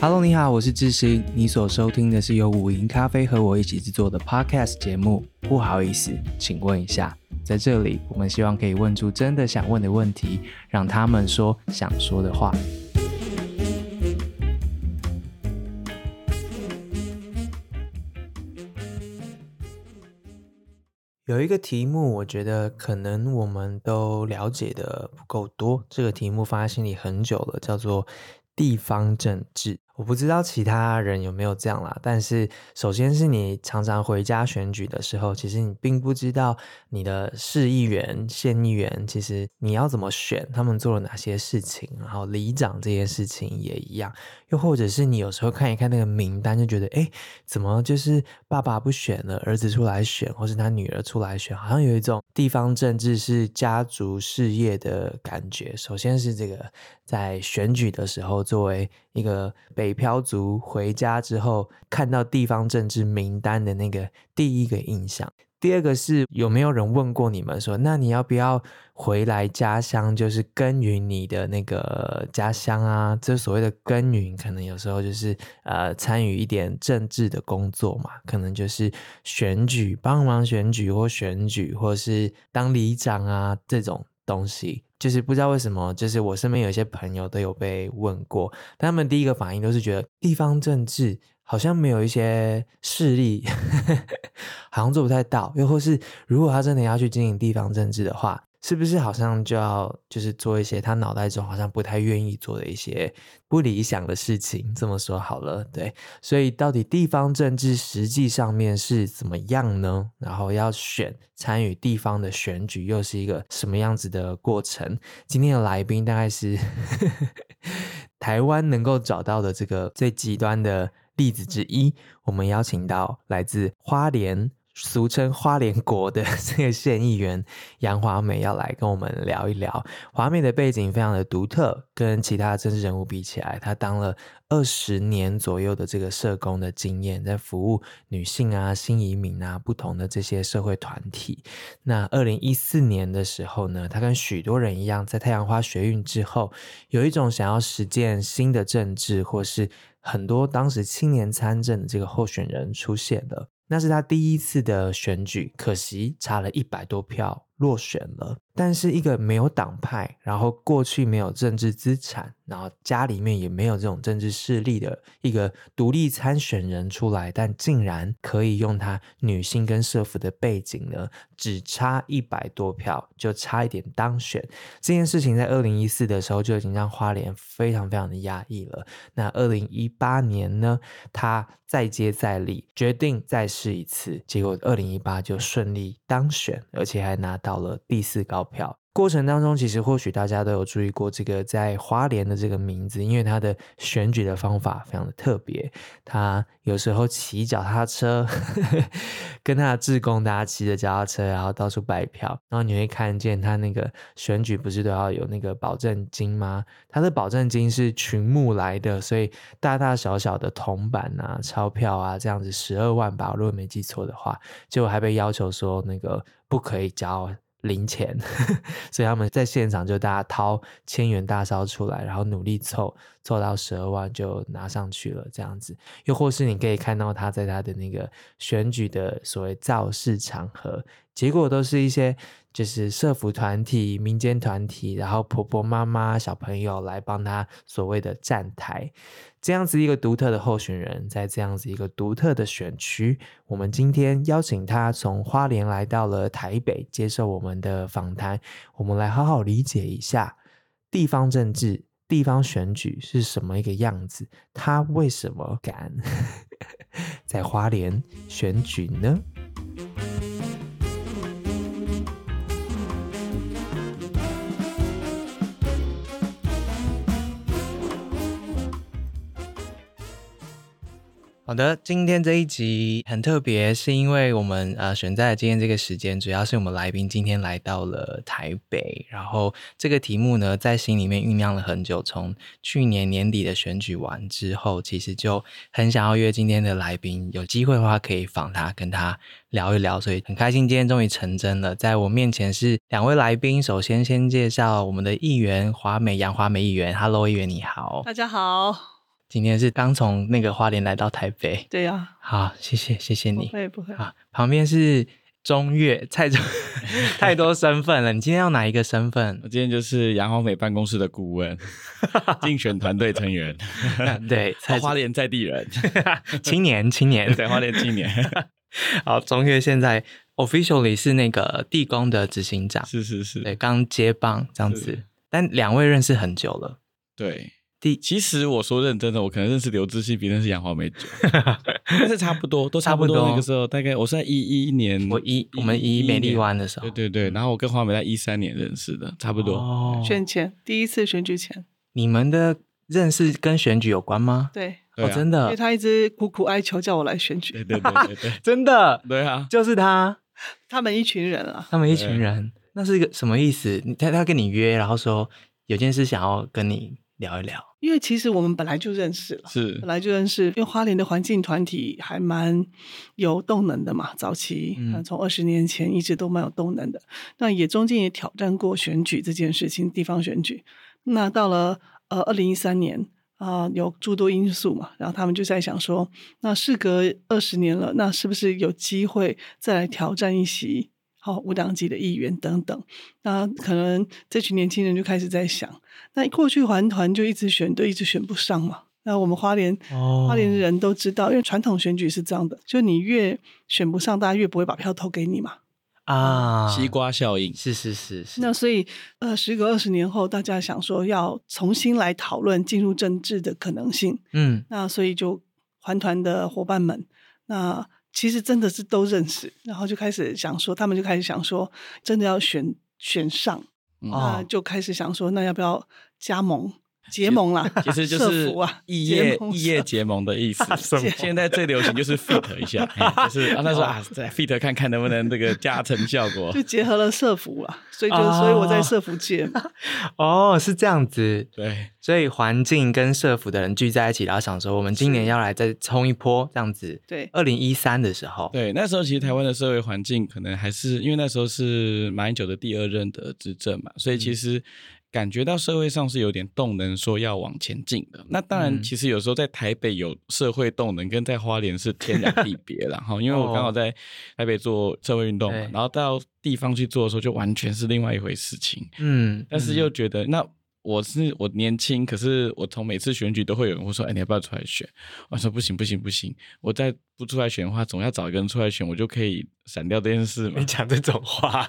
Hello，你好，我是智行。你所收聽的是由午營咖啡和我一起製作的 Podcast 節目。不好意思，請問一下，在這裡我們希望可以問出真的想問的問題，讓他們說想說的話。有一個題目，我覺得可能我們都了解的不夠多。這個題目放在心裡很久了，叫做地方政治。我不知道其他人有沒有這樣啦，但是首先是你常常回家選舉的時候，其實你並不知道你的市議員、縣議員，其實你要怎麼選，他們做了哪些事情，然後里長這些事情也一樣。又或者是你有時候看一看那個名單，就覺得誒，怎麼就是爸爸不選了，兒子出來選，或是他女兒出來選，好像有一種地方政治是家族事業的感覺。首先是這個在選舉的時候，作為一個北漂族回家之後，看到地方政治名單的那個第一個印象。第二個是有沒有人問過你們說，那你要不要回來家鄉，就是耕耘你的那個家鄉啊？這所謂的耕耘，可能有時候就是呃參與一點政治的工作嘛，可能就是選舉，幫忙選舉或選舉，或是當里長啊這種東西。就是不知道為什麼，就是我身邊有些朋友都有被問過，但他們第一個反應都是覺得地方政治，好像沒有一些勢力， 好像做不太到，又或是如果他真的要去經營地方政治的話，是不是好像就要就是做一些他腦袋中好像不太願意做的一些不理想的事情？這麼說好了，對，所以到底地方政治實際上面是怎麼樣呢？然後要選參與地方的選舉，又是一個什麼樣子的過程？今天的來賓大概是 台灣能夠找到的這個最極端的，例子之一，我們邀請到來自花蓮，俗稱花蓮國的這個縣議員楊華美要來跟我們聊一聊。華美的背景非常的獨特，跟其他政治人物比起來，她當了二十年左右的這個社工的經驗，在服務女性啊、新移民啊、不同的這些社會團體。那二零一四年的時候呢，她跟許多人一樣，在太陽花學運之後，有一種想要實踐新的政治或是。很多當時青年參政的這個候選人出現了，那是他第一次的選舉，可惜差了一百多票落選了。但是一個沒有黨派，然後過去沒有政治資產，然後家裡面也沒有這種政治勢力的一個獨立參選人出來，但竟然可以用她女性跟社服的背景呢，只差一百多票就差一點當選。這件事情在二零一四的時候就已經讓花蓮非常非常的壓抑了。那二零一八年呢，她再接再厲，決定再試一次，結果二零一八就順利當選，而且還拿到了第四高票。票過程當中，其實或許大家都有注意過這個在花蓮的這個名字，因為他的選舉的方法非常的特別。他有時候騎腳踏車，呵呵跟他的志工大家騎着腳踏車，然後到處拜票。然後你會看見他那個選舉不是都要有那個保證金嗎？他的保證金是群募來的，所以大大小小的銅板啊、鈔票啊這樣子十二萬吧，如果沒記錯的話，結果還被要求說那個不可以交。零錢， 所以他們在現場就大家掏千元大鈔出來，然後努力湊湊到十二萬就拿上去了，這樣子。又或是你可以看到他在他的那個選舉的所謂造勢場合，結果都是一些。就是社服團體、民間團體，然後婆婆、媽媽、小朋友來幫他所謂的站台，這樣子一個獨特的候選人，在這樣子一個獨特的選區，我們今天邀請他從花蓮來到了台北，接受我們的訪談。我們來好好理解一下地方政治、地方選舉是什麼一個樣子，他為什麼敢 在花蓮選舉呢？好的，今天這一集很特別，是因為我們呃選在了今天這個時間，主要是我們來賓今天來到了台北，然後這個題目呢在心裡面醞釀了很久，從去年年底的選舉完之後，其實就很想要約今天的來賓，有機會的話可以訪他，跟他聊一聊，所以很開心今天終於成真了。在我面前是兩位來賓，首先先介紹我們的議員華美楊華美議員，Hello 議員你好，大家好。今天是剛從那個花蓮來到台北，對呀，啊，好，謝謝，謝謝你，不會不會。啊，旁邊是中岳，蔡總，太多身份了， 你今天要哪一個身份？我今天就是楊華美辦公室的顧問， 競選團隊成員， 對蔡，哦，花蓮在地人，青年青年在花蓮青年。青年 好，中岳現在 officially 是那個地公的執行長，是是是，對，剛接棒這樣子，是但兩位認識很久了，對。第，其實我說認真的，我可能認識劉志熙，比認識楊華美，哈哈，但是差不多，都差不多那個時候，大概我在一一年，我一我們一美麗灣的時候，對對對，然後我跟華美在一三年認識的，差不多。選前，第一次選舉前，你們的認識跟選舉有關嗎？對，我真的，因為他一直苦苦哀求叫我來選舉，對對對，真的，對啊，就是他，他們一群人啊，他們一群人，那是一個什麼意思？他他跟你約，然後說有件事想要跟你聊一聊。因為其實我們本來就認識了，是本來就認識。因為花蓮的環境團體還蠻有動能的嘛，早期嗯，從二十年前一直都蠻有動能的。嗯、那也中間也挑戰過選舉這件事情，地方選舉。那到了呃二零一三年啊、呃，有諸多因素嘛，然後他們就在想說，那事隔二十年了，那是不是有機會再來挑戰一席？哦，無黨籍的議員等等，那可能這群年輕人就開始在想：那過去環團就一直選對，一直選不上嘛？那我們花蓮，哦、花蓮的人都知道，因為傳統選舉是這樣的，就你越選不上，大家越不會把票投給你嘛。啊，嗯、西瓜效應，是是是是。那所以，呃，時隔二十年後，大家想說要重新來討論進入政治的可能性。嗯，那所以就環團的伙伴們，那。其實真的是都認識，然後就開始想說，他們就開始想說，真的要選選上，哦、啊，就開始想說，那要不要加盟？結盟了，其實就是異業異業結盟的意思。現在最流行就是 fit 一下，就是他說啊，來 fit 看看能不能這個加成效果。就結合了社服了，所以就所以我在社服界嘛。哦，是這樣子，對，所以環境跟社服的人聚在一起，然後想說，我們今年要來再衝一波這樣子。對，二零一三的時候，對，那時候其實台灣的社會環境可能還是因為那時候是馬英九的第二任的執政嘛，所以其實。感覺到社會上是有點動能，說要往前進的。那當然，其實有時候在台北有社會動能，跟在花蓮是天壤地別啦哈。 因為我剛好在台北做社會運動，哦、然後到地方去做的時候，就完全是另外一回事情。嗯，但是又覺得、嗯、那。我是我年輕，可是我從每次選舉都會有人會說：“哎、欸，你要不要出來選？”我說不：“不行不行不行，我再不出來選的話，總要找一個人出來選，我就可以閃掉這件事嘛。”你講這種話，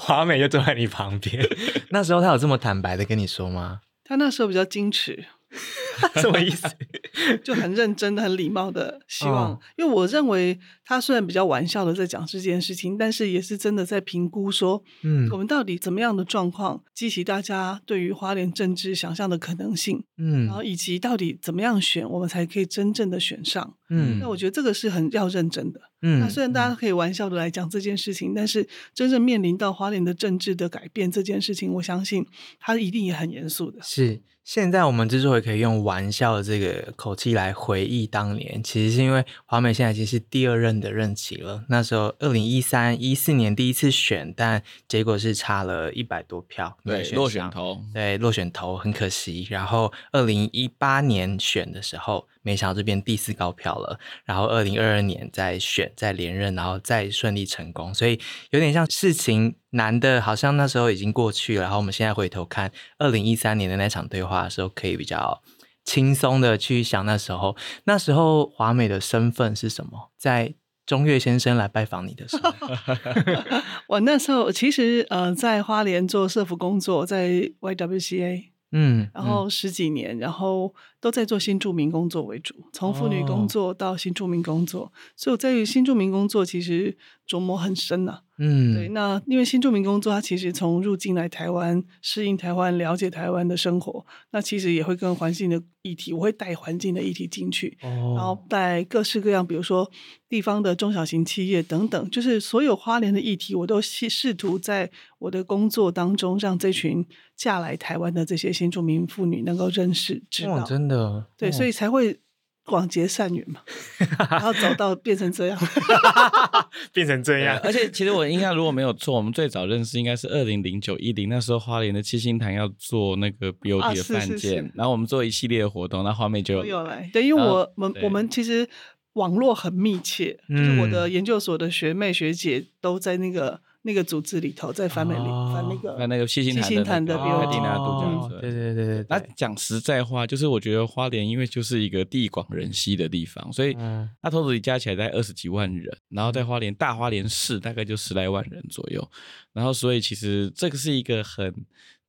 華美就坐在你旁邊。 那時候他有這麼坦白的跟你說嗎？他那時候比較矜持， 什麼意思？ 就很認真的、很禮貌的，希望，哦、因為我認為他雖然比較玩笑的在講這件事情，但是也是真的在評估說，嗯，我們到底怎麼樣的狀況激起大家對於花蓮政治想象的可能性，嗯，然後以及到底怎麼樣選，我們才可以真正的選上，嗯，那我覺得這個是很要認真的，嗯，那雖然大家可以玩笑的來講這件事情，嗯、但是真正面臨到花蓮的政治的改變這件事情，我相信他一定也很嚴肅的，是。現在我們之所以可以用玩笑的這個口氣來回憶當年，其實是因為華美現在已經是第二任的任期了。那時候二零一三一四年第一次選，但結果是差了一百多票，對落選頭，對落選頭，很可惜。然後二零一八年選的時候，沒想到這邊第四高票了，然後二零二二年再選再連任，然後再順利成功，所以有點像事情難的，好像那時候已經過去了。然後我們現在回頭看二零一三年的那場對話的時候，可以比較輕鬆的去想那時候，那時候華美的身份是什麼？在中岳先生來拜訪你的時候， 我那時候其實呃在花蓮做社福工作，在 YWCA，嗯，然後十幾年，嗯、然後。都在做新住民工作為主，從婦女工作到新住民工作，哦、所以我在於新住民工作其實琢磨很深啊。嗯，對，那因為新住民工作，它其實從入境來台灣、適應台灣、了解台灣的生活，那其實也會跟環境的議題，我會帶環境的議題進去，哦、然後帶各式各樣，比如說地方的中小型企業等等，就是所有花蓮的議題，我都試試圖在我的工作當中，讓這群嫁來台灣的這些新住民婦女能夠認識、知道。哦，真的。對，哦哦、對，所以才會廣結善緣嘛，然後找到變成這樣， 變成這樣。而且 其實我印象如果沒有錯，我們最早認識應該是二零零九一零那時候，花蓮的七星潭要做那個 BOT 的飯店，啊、是是是，然後我們做一系列的活動，那花妹就有來。對，因為我我們我們其實網絡很密切，就是我的研究所的學妹學姐都在那個。那個組織裡頭，在反美里、哦、反那個反那個七星潭的七星潭的對對對對對。那講實在話，就是我覺得花蓮，因為就是一個地廣人稀的地方，所以它桃子里加起來大概二十幾萬人，然後在花蓮大花蓮市大概就十來萬人左右，然後所以其實這個是一個很。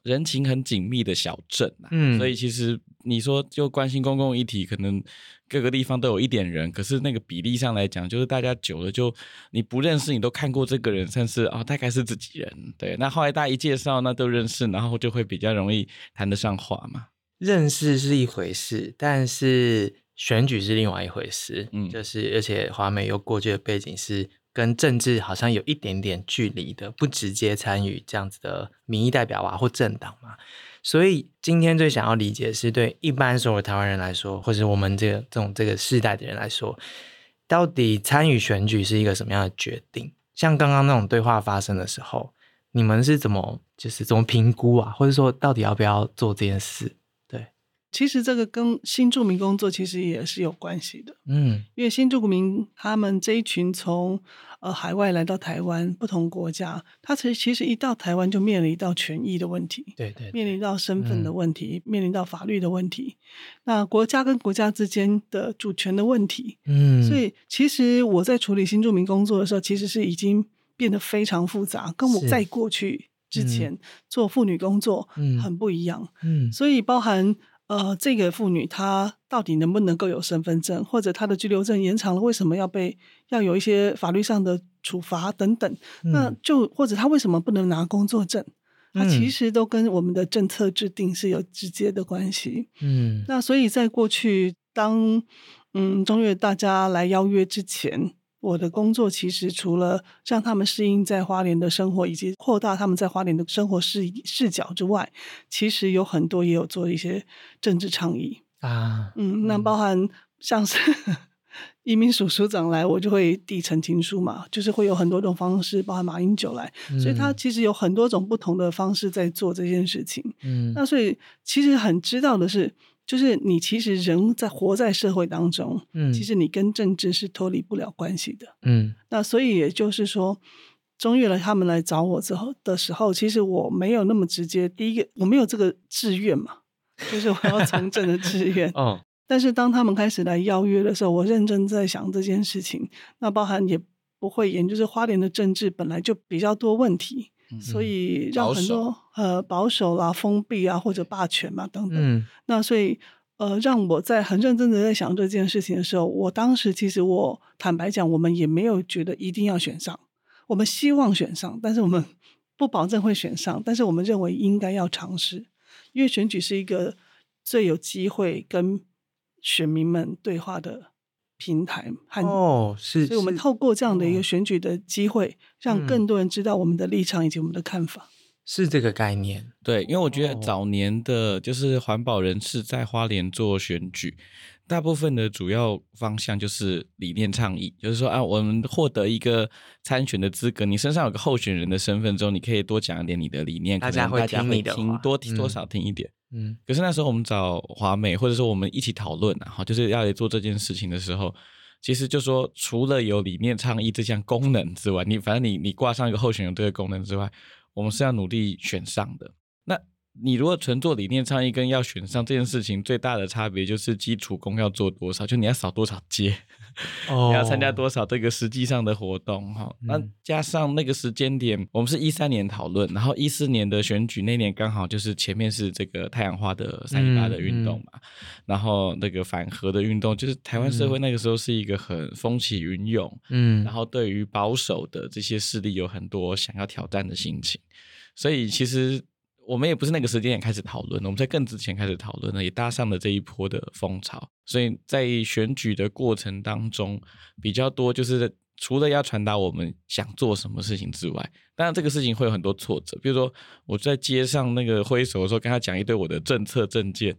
人情很緊密的小鎮、啊，嗯、所以其實你說就關心公共議題，可能各個地方都有一點人，可是那個比例上來講，就是大家久了就你不認識你都看過這個人，甚至哦大概是自己人。對，那後來大家一介紹，那都認識，然後就會比較容易談得上話嘛。認識是一回事，但是選舉是另外一回事。嗯，就是而且華美又過去的背景是。跟政治好像有一點點距離的，不直接參與這樣子的民意代表啊，或政黨嘛。所以今天最想要理解，是對一般所有的台灣人來說，或者我們這個這種這個世代的人來說，到底參與選舉是一個什麼樣的決定？像剛剛那種對話發生的時候，你們是怎麼，就是怎麼評估啊，或者說到底要不要做這件事？其實這個跟新住民工作其實也是有關係的，嗯，因為新住民他們這一群從呃海外來到台灣不同國家，他其實其實一到台灣就面臨到權益的問題，對，對對，面臨到身份的問題，嗯，面臨到法律的問題，那國家跟國家之間的主權的問題，嗯，所以其實我在處理新住民工作的時候，其實是已經變得非常複雜，跟我在過去之前做婦女工作很不一樣，嗯，所以包含。呃，這個婦女她到底能不能夠有身份證，或者她的居留證延長了，為什麼要被要有一些法律上的處罰等等？嗯、那就或者她為什麼不能拿工作證？她其實都跟我們的政策制定是有直接的關係。嗯，那所以在過去，當嗯中岳大家來邀約之前。我的工作其實除了讓他們適應在花蓮的生活，以及擴大他們在花蓮的生活視視角之外，其實有很多也有做一些政治倡議啊，嗯，嗯，那包含像是 移民署署長來，我就會遞陳情書嘛，就是會有很多種方式，包含馬英九來，嗯，所以他其實有很多種不同的方式在做這件事情。嗯，那所以其實很知道的是。就是你其實人在活在社會當中，嗯，其實你跟政治是脫離不了關係的，嗯。那所以也就是說，中岳了他們來找我之後的時候，其實我沒有那麼直接。第一個，我沒有這個志願嘛，就是我要從政的志願。 但是當他們開始來邀約的時候，我認真在想這件事情。那包含也不會也就是花蓮的政治本來就比較多問題。所以讓很多呃、嗯、保守啦、呃啊、封閉啊或者霸權嘛、啊、等等。嗯、那所以呃，讓我在很認真的在想這件事情的時候，我當時其實我坦白講，我們也沒有覺得一定要選上，我們希望選上，但是我們不保證會選上，但是我們認為應該要嘗試，因為選舉是一個最有機會跟選民們對話的。平台和哦，是，是，所以我們透過這樣的一個選舉的機會，嗯、讓更多人知道我們的立場以及我們的看法，是這個概念對。因為我覺得早年的就是環保人士在花蓮做選舉，大部分的主要方向就是理念倡議，就是說啊，我們獲得一個參選的資格，你身上有個候選人的身份之後，你可以多講一點你的理念，大家會聽你的話，多多少聽一點。嗯嗯，可是那時候我們找華美，或者說我們一起討論啊，然後就是要來做這件事情的時候，其實就是說除了有理念倡議這項功能之外，你反正你你掛上一個候選人這個功能之外，我們是要努力選上的。那你如果純做理念倡議跟要選上這件事情最大的差別，就是基礎功要做多少，就你要掃多少街。你要參加多少這個實際上的活動哈？哦、那加上那個時間點，嗯、我們是一三年討論，然後一四年的選舉那年剛好就是前面是這個太陽花的三一八的運動嘛，嗯嗯、然後那個反核的運動，就是台灣社會那個時候是一個很風起雲湧，嗯，然後對於保守的這些勢力有很多想要挑戰的心情，所以其實我們也不是那個時間點開始討論的，我們在更之前開始討論了，也搭上了這一波的風潮。所以在選舉的過程當中，比較多就是除了要傳達我們想做什麼事情之外，當然這個事情會有很多挫折，比如說我在街上那個揮手的時候，跟他講一堆我的政策政見。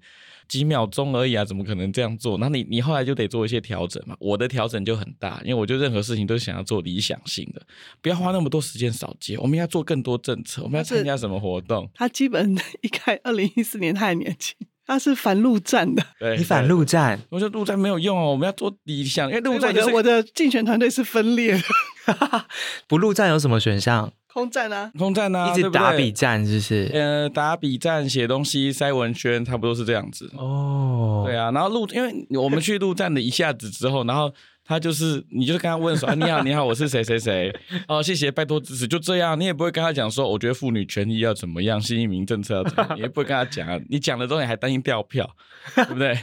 幾秒鐘而已啊，怎麼可能這樣做？那你你後來就得做一些調整嘛。我的調整就很大，因為我覺得任何事情都想要做理想性的，不要花那麼多時間掃街。我們要做更多政策，我們要參加什麼活動。他基本一開二零一四年太年輕，他是反陸戰的。對，你反陸戰，我說陸戰沒有用哦，我們要做理想，因為陸戰、就是、因為我覺得我的我的競選團隊是分裂的。 不陸戰有什麼選項？空戰啊，空戰啊，一直打筆戰是不是，就是呃，打筆戰，寫東西，塞文宣，差不多是這樣子。哦，oh. 對啊。然後陸，因為我們去陸戰的一下子之後， 然後他就是，你就是跟他問說、啊：“你好，你好，我是誰誰誰。”哦、 呃，謝謝，拜託支持，就這樣。你也不會跟他講說，我覺得婦女權益要怎麼樣，新移民政策要怎麼樣，你也不會跟他講、啊。 你講的東西還擔心掉票， 對不對？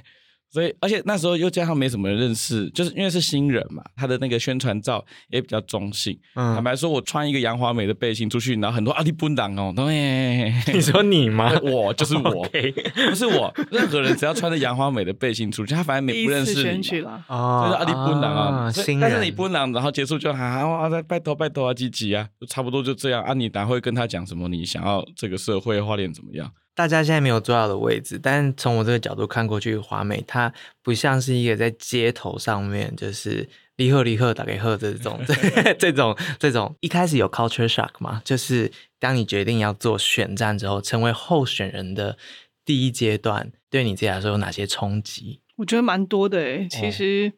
所以，而且那時候又加上沒什麼人認識，就是因為是新人嘛，他的那個宣傳照也比較中性。嗯、坦白說，我穿一個楊華美的背心出去，然後很多阿里奔朗哦，對，你說你嗎？我就是我，oh, okay. 不是我，任何人只要穿着楊華美的背心出去，他反正沒不認識你就是阿里選舉了啊，人、哦、啊，新人所以阿啊，但是你奔朗，然後結束就喊啊，啊，拜託拜託啊，積極啊，就差不多就這樣。阿、啊、你哪會跟他講什麼？你想要這個社會化鏈怎麼樣？大家現在沒有坐到的位置，但從我這個角度看過去，華美它不像是一個在街頭上面，就是你好你好大家好的這種， 這種這種。一開始有 culture shock 嘛？就是當你決定要做選戰之後，成為候選人的第一階段，對你自己來說有哪些衝擊？我覺得蠻多的誒、欸，其實、欸。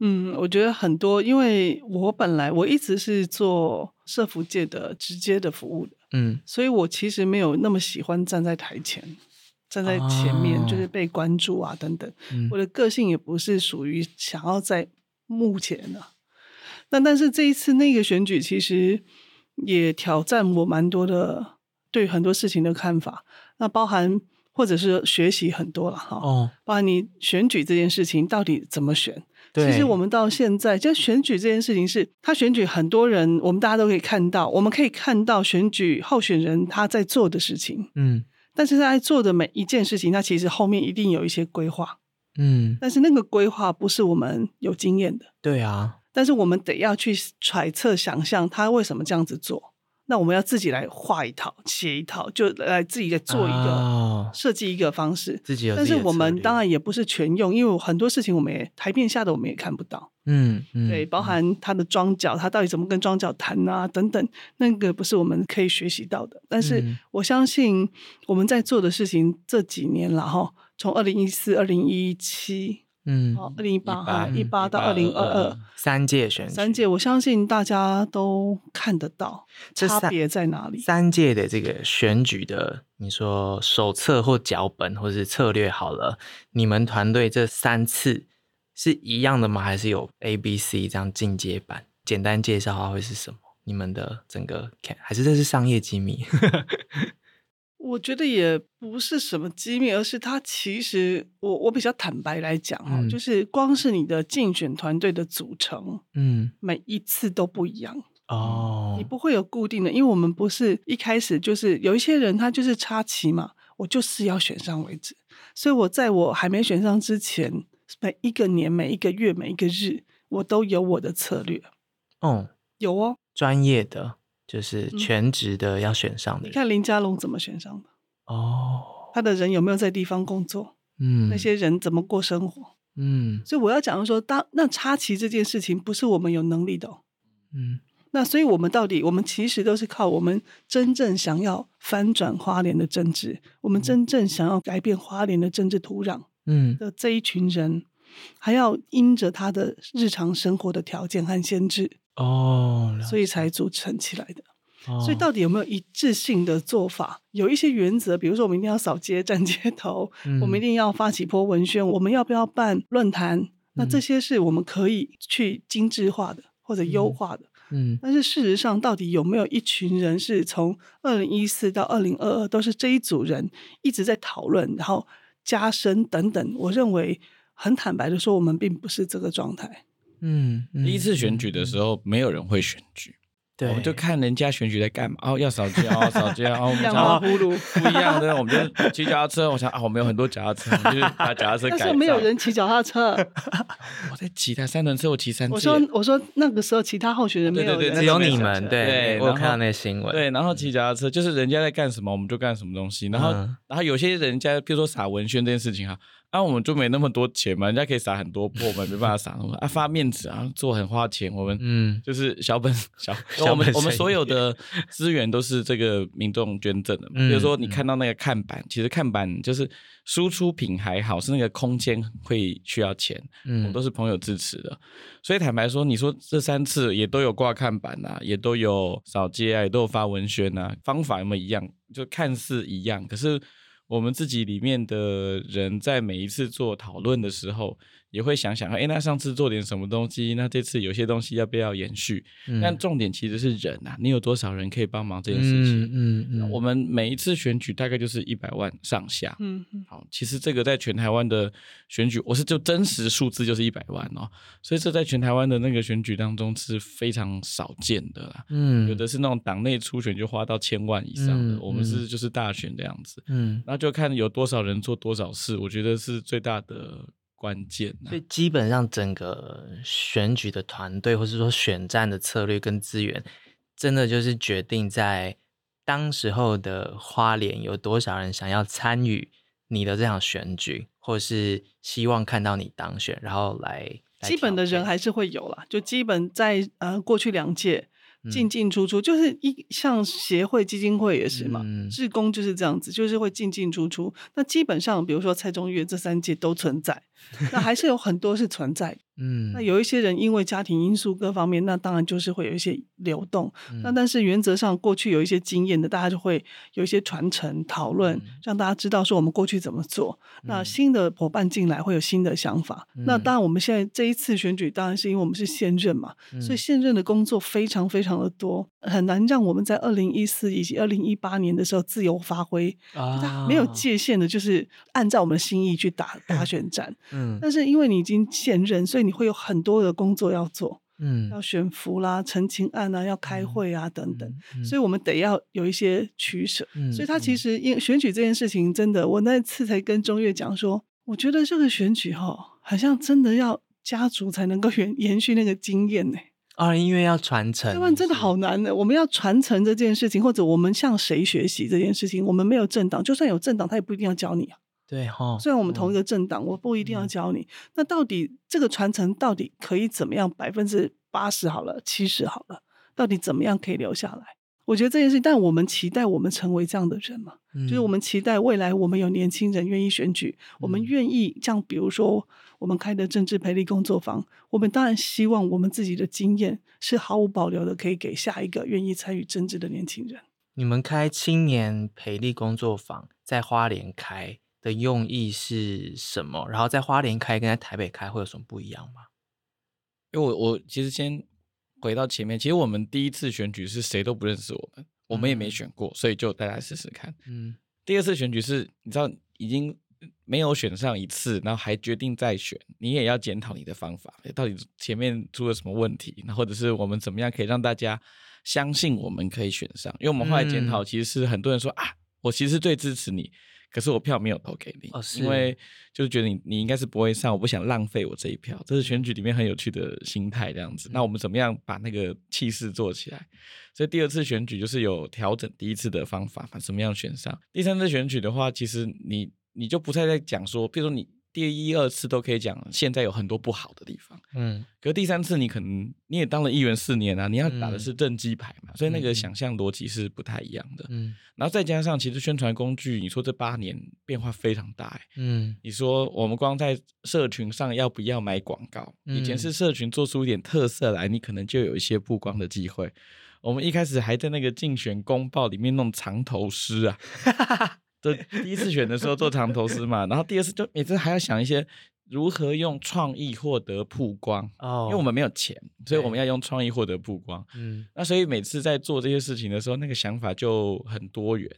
嗯，我覺得很多，因為我本來我一直是做社服界的直接的服務的，嗯，所以我其實沒有那麼喜歡站在台前，站在前面就是被關注啊、哦、等等。嗯、我的個性也不是屬於想要在幕前啊。但但是這一次那個選舉，其實也挑戰我蠻多的對很多事情的看法，那包含或者是學習很多了哈。哦、包含你選舉這件事情到底怎麼選？對其實我們到現在，就選舉這件事情是，是他選舉很多人，我們大家都可以看到，我們可以看到選舉候選人他在做的事情，嗯，但是他在做的每一件事情，他其實後面一定有一些規劃，嗯，但是那個規劃不是我們有經驗的，對啊，但是我們得要去揣測、想象他為什麼這樣子做。那我們要自己來畫一套，寫一套，就來自己再做一個、哦、設計一個方式。自己有自己，但是我們當然也不是全用，因為很多事情我們也台面下的我們也看不到。嗯，嗯對，嗯、包含他的樁腳，他到底怎麼跟樁腳談啊等等，那個不是我們可以學習到的。但是我相信我們在做的事情這幾年了哈，從二零一四、二零一七。嗯，好、哦，二零一八，一八到二零二二三屆選舉，三屆，我相信大家都看得到差別在哪裡。三屆的這個選舉的，你說手冊或腳本或者是策略好了，你們團隊這三次是一樣的嗎？還是有 A、B、C 這樣進階版？簡單介紹的話會是什麼？你們的整個看還是這是商業機密？ 我覺得也不是什麼機密，而是他其實我我比較坦白來講、啊嗯、就是光是你的競選團隊的組成，嗯，每一次都不一樣哦，你不會有固定的，因為我們不是一開始就是有一些人他就是插旗嘛，我就是要選上為止，所以我在我還沒選上之前，每一個年、每一個月、每一個日，我都有我的策略，嗯、哦，有哦，專業的。就是全職的要選上的人，嗯，你看林佳龍怎麼選上的？哦，oh, 他的人有沒有在地方工作？嗯，那些人怎麼過生活？嗯，所以我要講的說，當那插旗這件事情不是我們有能力的、哦。嗯，那所以我們到底，我們其實都是靠我們真正想要翻轉花蓮的政治，我們真正想要改變花蓮的政治土壤，嗯，的這一群人，還要因着他的日常生活的條件和限制。哦，oh, 所以才組成起來的。Oh, 所以到底有沒有一致性的做法？有一些原則，比如說我們一定要掃街、站街頭，嗯、我們一定要發起波文宣，我們要不要辦論壇？那這些是我們可以去精致化的或者優化的。嗯，但是事實上，到底有沒有一群人是從二零一四到二零二二都是這一組人一直在討論、然後加深等等？我認為很坦白的說，我們並不是這個狀態。嗯，第一次選舉的時候，沒有人會選舉，對，我們就看人家選舉在幹嘛哦，要掃街哦，掃街哦，我們講不一樣對，我們就騎腳踏車，我想啊，我們有很多腳踏車，就是把腳踏車改，沒有人騎腳踏車，我在其他三輪車，我騎三輪車，我說我說那個時候其他候選人沒有對，只有你們對，我看到那新聞對，然後騎腳踏車就是人家在幹什麼，我們就幹什麼東西，然後然後有些人家比如說撒文宣這件事情哈。那、啊、我們就沒那麼多錢嘛，人家可以撒很多破門，嘛，沒辦法撒那麼。 啊，發面子啊，做很花錢，我們嗯，就是小本小。嗯、我們我們所有的資源都是這個民眾捐贈的嘛。嗯、比如說，你看到那個看板，嗯、其實看板就是輸出品還好，是那個空間會需要錢，嗯，我都是朋友支持的。所以坦白說，你說這三次也都有掛看板啊，也都有掃街啊，也都有發文宣啊，方法有沒有一樣？就看似一樣，可是。我們自己裡面的人，在每一次做討論的時候。也會想想，哎，那上次做點什麼東西，那這次有些東西要不要延續？但、嗯、重點其實是人吶、啊，你有多少人可以幫忙這件事情？嗯，嗯，嗯我們每一次選舉大概就是一百萬上下。嗯，嗯好，其實這個在全台灣的選舉，我是就真實數字就是一百萬哦，所以這在全台灣的那個選舉當中是非常少見的啦。嗯，有的是那種黨內初選就花到千萬以上的，嗯嗯、我們是就是大選這樣子。嗯，那就看有多少人做多少事，我覺得是最大的。關鍵、啊，所以基本上整個選舉的團隊，或是說選戰的策略跟資源，真的就是決定在當時候的花蓮有多少人想要參與你的這場選舉，或是希望看到你當選，然後來基本的人還是會有了，就基本在呃過去兩屆。進進出出，就是一，像協會、基金會也是嘛，嗯，志工就是這樣子，就是會進進出出。那基本上，比如說蔡中岳這三屆都存在，那還是有很多是存在的。 嗯，那有一些人因為家庭因素各方面，那當然就是會有一些流動。嗯、那但是原則上，過去有一些經驗的，大家就會有一些傳承討論，嗯、讓大家知道說我們過去怎麼做。嗯、那新的夥伴進來會有新的想法。嗯、那當然，我們現在這一次選舉當然是因為我們是現任嘛，嗯、所以現任的工作非常非常的多，很難讓我們在二零一四以及二零一八年的時候自由發揮啊，沒有界限的，就是按照我們的心意去打、嗯、打選戰。嗯，但是因為你已經現任，所以。你會有很多的工作要做，嗯，要選服啦、啊、陳情案啊、要開會啊、嗯、等等，嗯、所以我們得要有一些取捨。嗯、所以，他其實選舉這件事情，真的，我那次才跟中岳講說，我覺得這個選舉哈、哦，好像真的要家族才能夠延延續那個經驗呢。啊、哦，因為要傳承，對吧？真的好難的，我們要傳承這件事情，或者我們向誰學習這件事情？我們沒有政黨，就算有政黨，他也不一定要教你啊。對哈，哦、雖然我們同一個政黨，哦、我不一定要教你。嗯、那到底這個傳承到底可以怎麼樣？百分之八十好了，七十好了，到底怎麼樣可以留下來？我覺得這件事情，但我們期待我們成為這樣的人嘛，嗯、就是我們期待未來我們有年輕人願意選舉，嗯、我們願意像比如說我們開的政治培力工作坊，我們當然希望我們自己的經驗是毫無保留的，可以給下一個願意參與政治的年輕人。你們開青年培力工作坊在花蓮開的用意是什麼？然後在花蓮開跟在台北開會有什麼不一樣嗎？因為我我其實先回到前面，其實我們第一次選舉是誰都不認識我們，嗯、我們也沒選過，所以就大家試試看。嗯，第二次選舉是你知道已經沒有選上一次，然後還決定再選，你也要檢討你的方法，到底前面出了什麼問題？或者是我們怎麼樣可以讓大家相信我們可以選上？因為我們後來檢討，其實是很多人說、嗯、啊，我其實最支持你。可是我票沒有投給你，哦，是因為就是覺得你你應該是不會上，我不想浪費我這一票，這是選舉裡面很有趣的心態這樣子。嗯，那我們怎麼樣把那個氣勢做起來？所以第二次選舉就是有調整第一次的方法，把怎麼樣選上。第三次選舉的話，其實你你就不太在講說，譬如說你。第一、二次都可以講，現在有很多不好的地方。嗯，可是第三次你可能你也當了議員四年啊，你要打的是政績牌嘛，嗯、所以那個想象邏輯是不太一樣的。嗯，然後再加上其實宣傳工具，你說這八年變化非常大，欸，嗯，你說我們光在社群上要不要買廣告？嗯、以前是社群做出一點特色來，你可能就有一些曝光的機會。我們一開始還在那個競選公報裡面弄藏頭詩啊。 第一次選的時候做藏頭詩嘛，然後第二次就每次還要想一些如何用創意獲得曝光，oh, 因為我們沒有錢，所以我們要用創意獲得曝光。嗯對，那所以每次在做這些事情的時候，那個想法就很多元，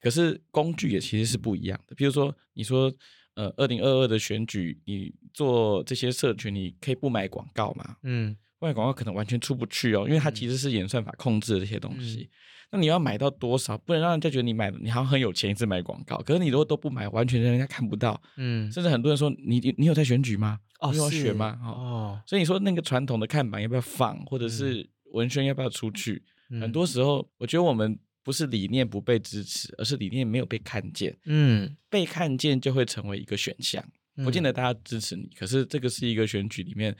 可是工具也其實是不一樣的。嗯，比如說，你說呃，二零二二的選舉，你做這些社群，你可以不買廣告嗎？嗯。外廣告可能完全出不去哦，因為它其實是演算法控制的這些東西。嗯、那你要買到多少，不能讓人家覺得你買，你好像很有錢一直買廣告。可是你如果都不買，完全讓人家看不到。嗯，甚至很多人說你你有在選舉嗎？哦，要選嗎？哦，哦所以你說那個傳統的看板要不要放，或者是文宣要不要出去？嗯、很多時候，我覺得我們不是理念不被支持，而是理念沒有被看見。嗯，嗯被看見就會成為一個選項。不見得大家支持你，嗯、可是這個是一個選舉裡面，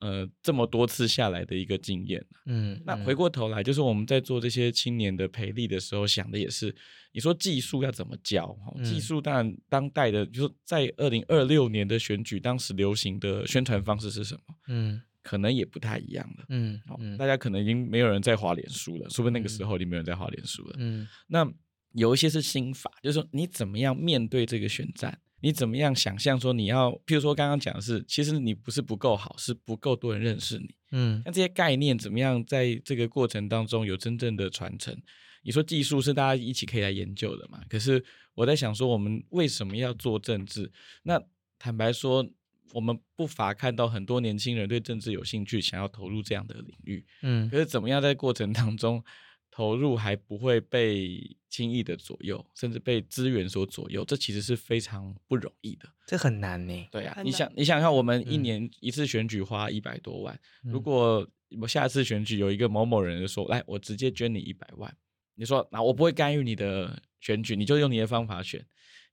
呃，這麼多次下來的一個經驗、嗯。嗯，那回過頭來，就是我們在做這些青年的培力的時候，想的也是，你說技術要怎麼教？哦、技術當然當代的，就是在二零二六年的選舉當時流行的宣傳方式是什麼？嗯，可能也不太一樣了。嗯，嗯、哦，大家可能已經沒有人在滑臉書了，除非、嗯、那個時候你沒有人在滑臉書了。嗯，嗯，那有一些是心法，就是說你怎麼樣面對這個選戰。你怎麼樣想象說你要，譬如說剛剛講的是，其實你不是不夠好，是不夠多人認識你。嗯，那這些概念怎麼樣在這個過程當中有真正的傳承？你說技術是大家一起可以來研究的嘛？可是我在想說，我們為什麼要做政治？那坦白說，我們不乏看到很多年輕人對政治有興趣，想要投入這樣的領域。嗯，可是怎麼樣在過程當中？投入還不會被輕易的左右，甚至被資源所左右，這其實是非常不容易的，這很難呢。對啊，很難，你想，你想看我們一年一次選舉花一百多萬，嗯、如果我下次選舉有一個某某人說，嗯、來我直接捐你一百萬，你說那我不會干預你的選舉，你就用你的方法選，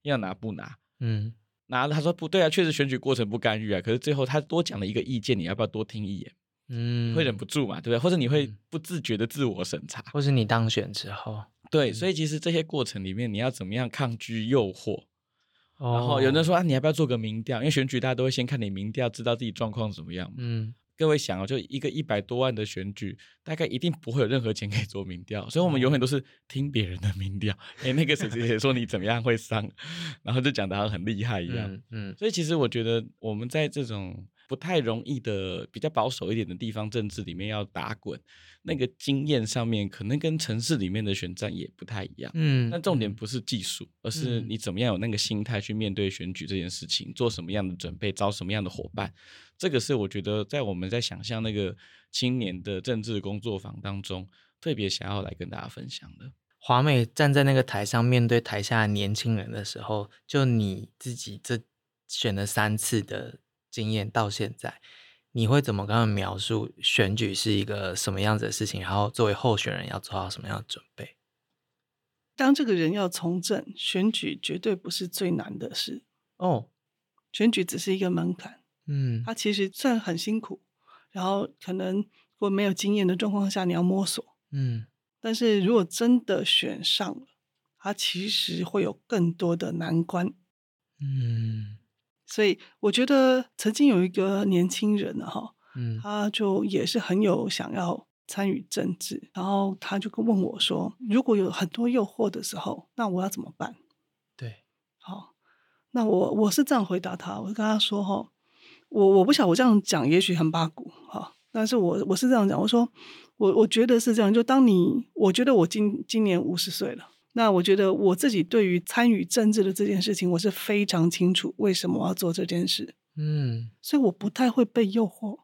你要拿不拿？嗯，拿了，他說不對啊，確實選舉過程不干預啊，可是最後他多講了一個意見，你要不要多聽一眼？嗯，會忍不住嘛，對不對？或者你會不自覺的自我審查，或是你當選之後，對，嗯、所以其實這些過程裡面，你要怎麼樣抗拒誘惑？哦、然後有人說啊，你還要不要做個民調？因為選舉大家都會先看你民調，知道自己狀況怎麼樣。嗯，各位想啊、哦，就一個一百多萬的選舉，大概一定不會有任何錢可以做民調，所以我們永遠都是聽別人的民調。嗯、誒，那個沈小姐姐說你怎麼樣會上， 然後就講得好像很厲害一樣。嗯，嗯，所以其實我覺得我們在這種。不太容易的，比較保守一點的地方政治裡面要打滾，那個經驗上面可能跟城市裡面的選戰也不太一樣。嗯，但重點不是技術，嗯、而是你怎麼樣有那個心態去面對選舉這件事情，嗯、做什麼樣的準備，招什麼樣的夥伴，這個是我覺得在我們在想象那個青年的政治工作坊當中特別想要來跟大家分享的。華美站在那個台上面對台下的年輕人的時候，就你自己這選了三次的。經驗到現在，你會怎麼跟他們描述選舉是一個什麼樣子的事情？然後作為候選人要做好什麼樣的準備？當這個人要從政，選舉絕對不是最難的事哦。選舉只是一個門檻，嗯，他其實算很辛苦。然後可能如果沒有經驗的狀況下，你要摸索，嗯。但是如果真的選上了，他其實會有更多的難關，嗯。所以我覺得曾經有一個年輕人呢、哦，哈，嗯，他就也是很有想要參與政治，然後他就跟問我說：“如果有很多誘惑的時候，那我要怎麼辦？”對，好、哦，那我我是這樣回答他，我跟他說哈、哦，我我不曉得我這樣講也許很八股哈、哦，但是我我是這樣講，我說我我覺得是這樣，就當你我覺得我今今年五十歲了。那我覺得我自己對於參與政治的這件事情，我是非常清楚為什麼我要做這件事。嗯，所以我不太會被誘惑。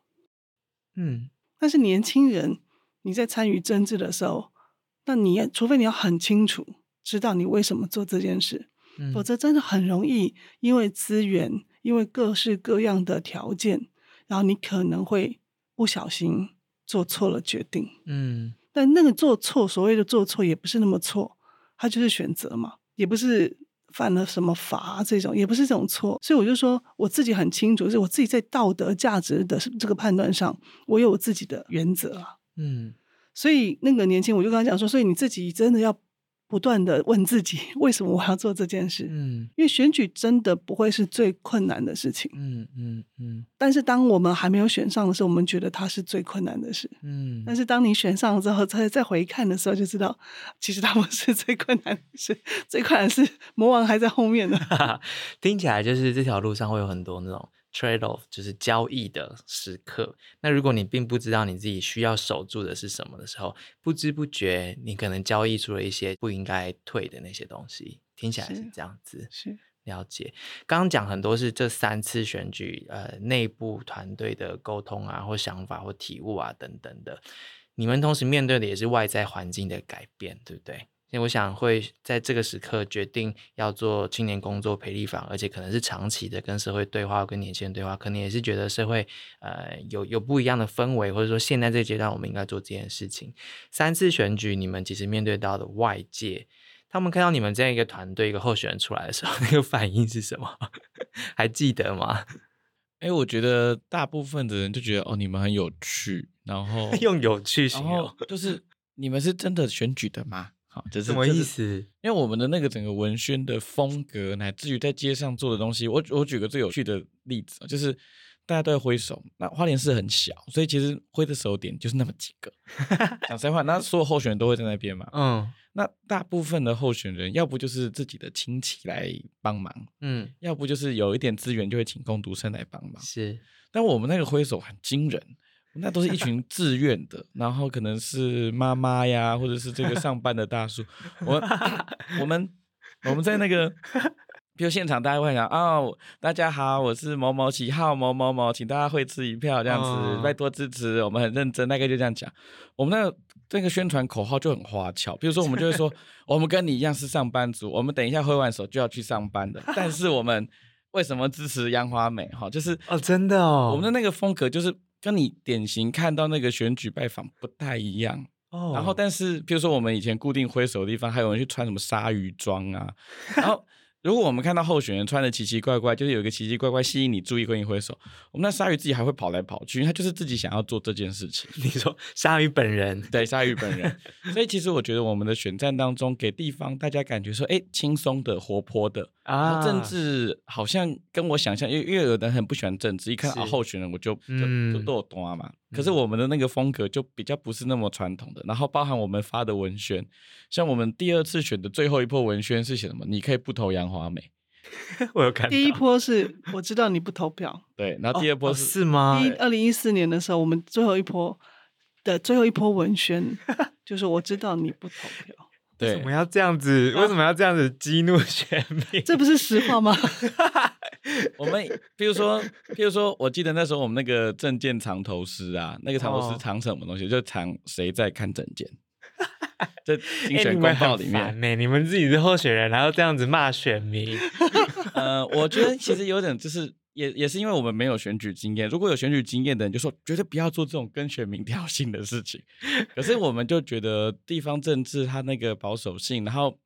嗯，但是年輕人你在參與政治的時候，那你要除非你要很清楚知道你為什麼做這件事，嗯、否則真的很容易因為資源、因為各式各樣的條件，然後你可能會不小心做錯了決定。嗯，但那個做錯，所謂的做錯，也不是那麼錯。他就是選擇嘛，也不是犯了什麼法、啊、這種，也不是這種錯，所以我就說我自己很清楚，是我自己在道德價值的這個判斷上，我有我自己的原則啊，嗯，所以那個年輕我就跟他講說，所以你自己真的要，不斷的問自己，為什麼我要做這件事？嗯，因為選舉真的不會是最困難的事情。嗯嗯嗯。嗯嗯，但是當我們還沒有選上的時候，我們覺得它是最困難的事。嗯。但是當你選上了之後，再再回看的時候，就知道其實它不是最困難的事，最困難的是魔王還在後面呢。 聽起來就是這條路上會有很多那種，Trade off 就是交易的時刻。那如果你並不知道你自己需要守住的是什麼的時候，不知不覺你可能交易出了一些不應該退的那些東西。聽起來是這樣子，是、是、是了解。剛剛講很多是這三次選舉，呃，內部團隊的溝通啊，或想法或體悟啊等等的，你們同時面對的也是外在環境的改變，對不對？我想會在這個時刻決定要做青年工作培力法，而且可能是長期的跟社會對話，跟年輕人對話，可能也是覺得社會呃有有不一樣的氛圍，或者說現在這階段我們應該做這件事情。三次選舉，你們其實面對到的外界，他們看到你們這樣一個團隊一個候選人出來的時候，那個反應是什麼？還記得嗎？誒、哎，我覺得大部分的人就覺得哦，你們很有趣，然後用有趣形容，就是你們是真的選舉的嗎？好，這是什麼意思？因為我們的那個整個文宣的風格，乃至於在街上做的東西，我舉我舉個最有趣的例子啊，就是大家都在揮手。那花蓮市很小，所以其實揮的手點就是那麼幾個。 講實話，那所有候選人都會在那邊嘛。嗯，那大部分的候選人，要不就是自己的親戚來幫忙，嗯，要不就是有一點資源就會請工讀生來幫忙。是，但我們那個揮手很驚人。 那都是一群自願的，然後可能是媽媽呀，或者是這個上班的大叔。我 我們我們在那個比如現場，大家會想哦，大家好，我是某某幾號某某某，請大家惠賜一票，這樣子，哦、拜託支持，我們很認真。大、那、概、個、就這樣講。我們那個這、那個宣傳口號就很花俏，比如說我們就會說， 我們跟你一樣是上班族，我們等一下揮完手就要去上班的。 但是我們為什麼支持楊華美哈、哦？就是哦，真的哦，我們的那個風格就是。跟你典型看到那個選舉拜訪不太一樣哦，oh. 然後但是譬如說我們以前固定揮手的地方，還有人去穿什麼鯊魚裝啊，然後如果我們看到候選人穿的奇奇怪怪，就是有一個奇奇怪怪吸引你注意跟你揮手，我們那鯊魚自己還會跑來跑去，因為它就是自己想要做這件事情。你說鯊魚本人？對，鯊魚本人。 所以其實我覺得我們的選戰當中，給地方大家感覺說，哎，輕鬆的、活潑的。啊，政治好像跟我想象因為因為有的人很不喜歡政治，一看到候選人我就、嗯、就就都有懂啊嘛。可是我們的那個風格就比較不是那麼傳統的，然後包含我們發的文宣，像我們第二次選的最後一波文宣是寫什麼？你可以不投楊華美。 我有看。第一波是我知道你不投票， 對，然後第二波是、哦哦、是嗎？第一，二零一四年的時候，我們最後一波的最後一波文宣 就是我知道你不投票。對為什麼要這樣子？啊、為什麼要這樣子激怒選民？這不是實話嗎？ 我們比如說，比如說，我記得那時候我們那個政見藏頭詩啊，那個藏頭詩藏什麼東西？哦、就藏誰在看政見？在競選公報裡面，欸你欸，你們自己是候選人，然後這樣子罵選民、 嗯。呃，我覺得其實有點就是。也也是因為我們沒有選舉經驗，如果有選舉經驗的人就說，絕對不要做這種跟選民挑釁的事情。可是我們就覺得地方政治，它那個保守性，然後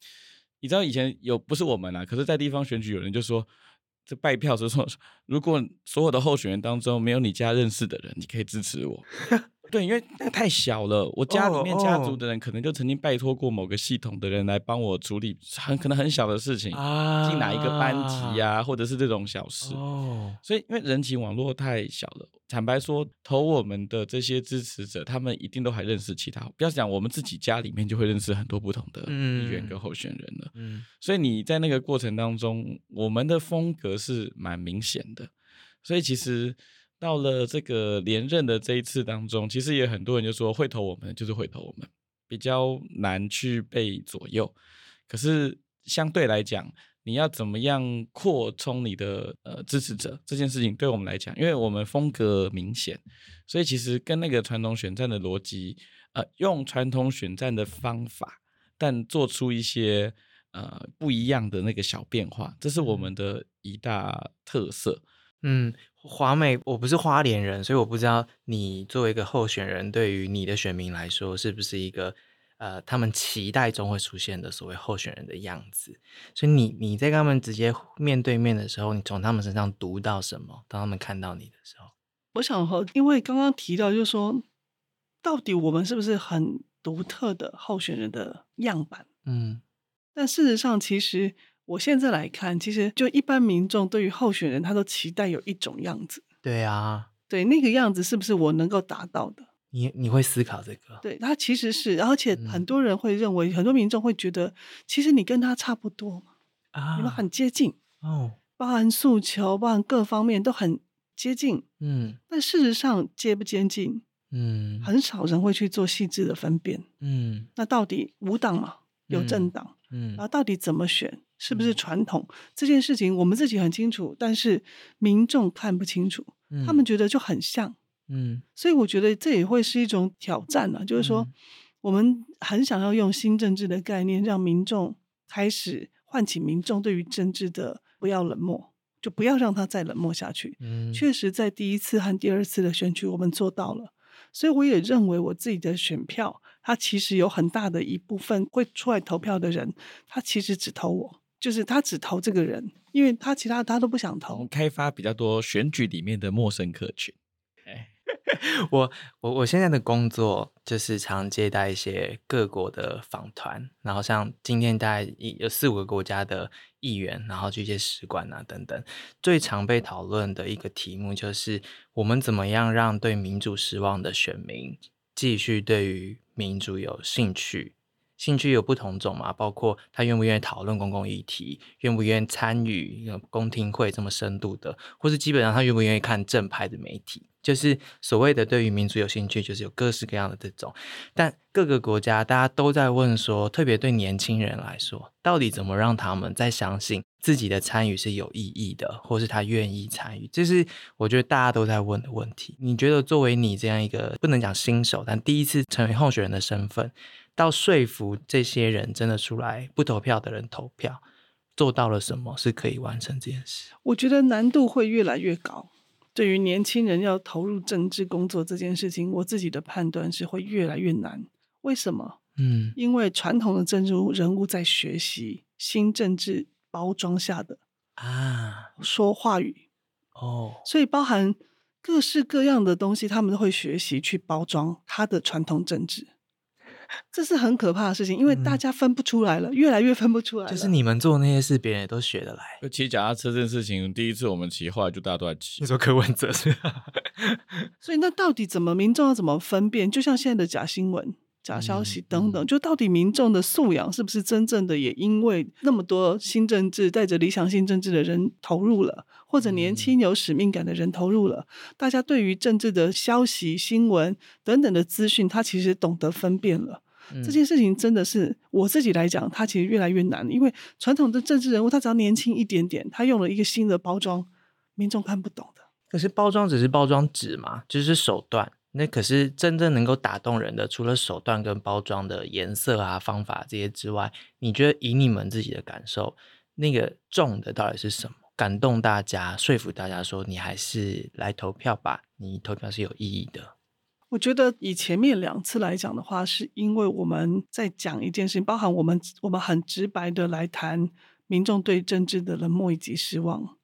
你知道以前有不是我們啦、啊，可是在地方選舉有人就說，這拜票的時候，是說如果所有的候選人當中沒有你家認識的人，你可以支持我。對，因為那太小了。我家裡面家族的人，可能就曾經拜託過某個系統的人來幫我處理很，很可能很小的事情，啊、進哪一個班級呀、啊，或者是這種小事。哦、所以，因為人情網絡太小了，坦白說，投我們的這些支持者，他們一定都還認識其他。不要講我們自己家裡面，就會認識很多不同的議員跟候選人了。嗯、所以你在那個過程當中，我們的風格是蠻明顯的。所以其實。到了這個連任的這一次當中，其實也很多人就說會投我們，就是會投我們比較難去被左右。可是相對來講，你要怎麼樣擴充你的呃支持者這件事情，對我們來講，因為我們風格明顯，所以其實跟那個傳統選戰的邏輯，呃，用傳統選戰的方法，但做出一些呃不一樣的那個小變化，這是我們的一大特色。嗯。華美，我不是花蓮人，所以我不知道你作為一個候選人，對於你的選民來說，是不是一個呃，他們期待中會出現的所謂候選人的樣子？所以你你在跟他們直接面對面的時候，你從他們身上讀到什麼？當他們看到你的時候，我想說，因為剛剛提到，就是說，到底我們是不是很獨特的候選人的樣板？嗯，但事實上，其實。我現在來看，其實就一般民眾對於候選人，他都期待有一種樣子。對啊，對那個樣子是不是我能夠達到的？你你會思考這個？對，他其實是，而且很多人會認為，嗯、很多民眾會覺得，其實你跟他差不多嘛，啊，你們很接近哦，包含訴求，包含各方面都很接近。嗯，但事實上接不接近？嗯，很少人會去做細緻的分辨。嗯，那到底無黨？嘛、啊，有政黨，嗯，然後到底怎麼選？是不是傳統、嗯、這件事情，我們自己很清楚，但是民眾看不清楚，嗯、他們覺得就很像，嗯，所以我覺得這也會是一種挑戰呢、啊。就是說，我們很想要用新政治的概念，讓民眾開始喚起民眾對於政治的不要冷漠，就不要讓他再冷漠下去。嗯，確實，在第一次和第二次的選舉，我們做到了，所以我也認為我自己的選票，他其實有很大的一部分會出來投票的人，他其實只投我。就是他只投這個人，因為他其他他都不想投。開發比較多選舉裡面的陌生客群。Okay. 我我我現在的工作就是常接待一些各國的訪團，然後像今天大概有四五個國家的議員，然後去一些使館啊等等。最常被討論的一個題目就是，我們怎麼樣讓對民主失望的選民繼續對於民主有興趣？興趣有不同種嘛，包括他願不願意討論公共議題，願不願意參與一個公聽會這麼深度的，或是基本上他願不願意看正派的媒體，就是所謂的對於民族有興趣，就是有各式各樣的這種。但各個國家大家都在問說，特別對年輕人來說，到底怎麼讓他們在相信自己的參與是有意義的，或是他願意參與？這是我覺得大家都在問的問題。你覺得作為你這樣一個不能講新手，但第一次成為候選人的身份？到說服這些人真的出來不投票的人投票，做到了什麼是可以完成這件事？我覺得難度會越來越高。對於年輕人要投入政治工作這件事情，我自己的判斷是會越來越難。為什麼？嗯，因為傳統的政治人物在學習新政治包裝下的啊說話語哦，所以包含各式各樣的東西，他們都會學習去包裝他的傳統政治。這是很可怕的事情，因為大家分不出來了，嗯、越來越分不出來。就是你們做的那些事，別人也都學得來。就騎腳踏車這件事情，第一次我們騎壞，後來就大家都在騎。你說柯文哲是？所以那到底怎麼民眾要怎麼分辨？就像現在的假新聞、假消息等等，嗯、就到底民眾的素養是不是真正的？也因為那麼多新政治帶着理想新政治的人投入了。或者年輕有使命感的人投入了，嗯，大家對於政治的消息、新聞等等的資訊，他其實懂得分辨了。嗯，這件事情真的是我自己來講，他其實越來越難，因為傳統的政治人物，他只要年輕一點點，他用了一個新的包裝，民眾看不懂的。可是包裝只是包裝紙嘛，就是手段。那可是真正能夠打動人的，除了手段跟包裝的顏色啊、方法這些之外，你覺得以你們自己的感受，那個重的到底是什麼？感動大家，說服大家說：“你還是來投票吧，你投票是有意義的。”我覺得以前面兩次來講的話，是因為我們在講一件事情，包含我們我們很直白的來談民眾對政治的冷漠以及失望，